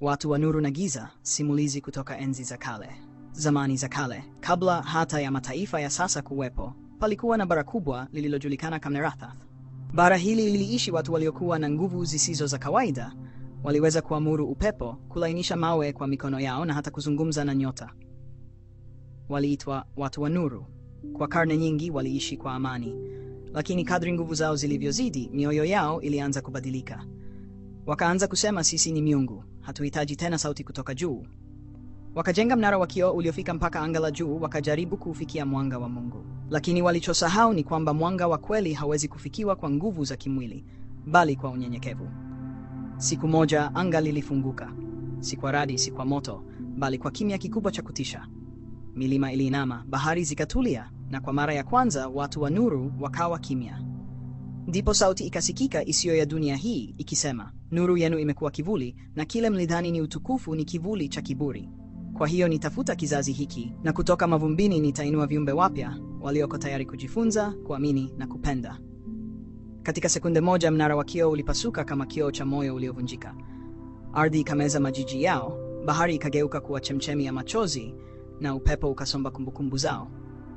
Watu wa Nuru na Giza, simulizi kutoka enzi za kale. Zamani za kale, kabla hata ya mataifa ya sasa kuwepo, palikuwa na bara kubwa lililojulikana kama Neratha. Bara hili liliishi watu waliokuwa na nguvu zisizo za kawaida. Waliweza kuamuru upepo, kulainisha mawe kwa mikono yao na hata kuzungumza na nyota. Waliitwa watu wa Nuru. Kwa karne nyingi waliishi kwa amani, lakini kadri nguvu zao zilivyozidi, mioyo yao ilianza kubadilika. Wakaanza kusema sisi ni miungu, hatuhitaji tena sauti kutoka juu. Wakajenga mnara wa kioo uliofika mpaka anga la juu, wakajaribu kuufikia mwanga wa Mungu, lakini walichosahau ni kwamba mwanga wa kweli hawezi kufikiwa kwa nguvu za kimwili, bali kwa unyenyekevu. Siku moja anga lilifunguka, si kwa radi, si kwa moto, bali kwa kimya kikubwa cha kutisha. Milima iliinama, bahari zikatulia, na kwa mara ya kwanza watu wa nuru wakawa kimya. Ndipo sauti ikasikika isiyo ya dunia hii ikisema, nuru yenu imekuwa kivuli, na kile mlidhani ni utukufu ni kivuli cha kiburi. Kwa hiyo nitafuta kizazi hiki, na kutoka mavumbini nitainua viumbe wapya walioko tayari kujifunza, kuamini na kupenda. Katika sekunde moja, mnara wa kioo ulipasuka kama kioo cha moyo uliovunjika. Ardhi ikameza majiji yao, bahari ikageuka kuwa chemchemi ya machozi, na upepo ukasomba kumbukumbu zao.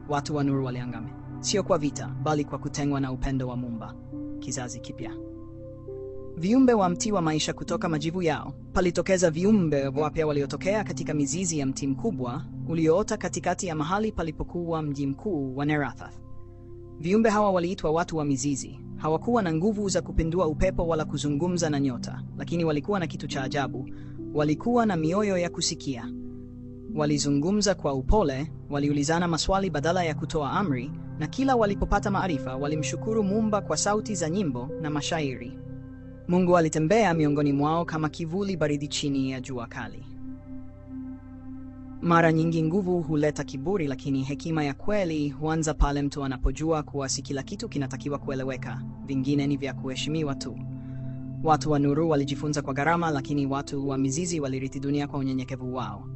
Watu wa nuru waliangame sio kwa vita, bali kwa kutengwa na upendo wa Muumba. Kizazi kipya. Viumbe wa mti wa maisha. Kutoka majivu yao palitokeza viumbe wapya waliotokea katika mizizi ya mti mkubwa ulioota katikati ya mahali palipokuwa mji mkuu wa Nerathath. Viumbe hawa waliitwa watu wa mizizi. Hawakuwa na nguvu za kupindua upepo wala kuzungumza na nyota, lakini walikuwa na kitu cha ajabu. Walikuwa na mioyo ya kusikia. Walizungumza kwa upole, waliulizana maswali badala ya kutoa amri, na kila walipopata maarifa walimshukuru Muumba kwa sauti za nyimbo na mashairi. Mungu alitembea miongoni mwao kama kivuli baridi chini ya jua kali. Mara nyingi nguvu huleta kiburi, lakini hekima ya kweli huanza pale mtu anapojua kuwa si kila kitu kinatakiwa kueleweka, vingine ni vya kuheshimiwa tu. Watu wa nuru walijifunza kwa gharama, lakini watu wa mizizi walirithi dunia kwa unyenyekevu wao.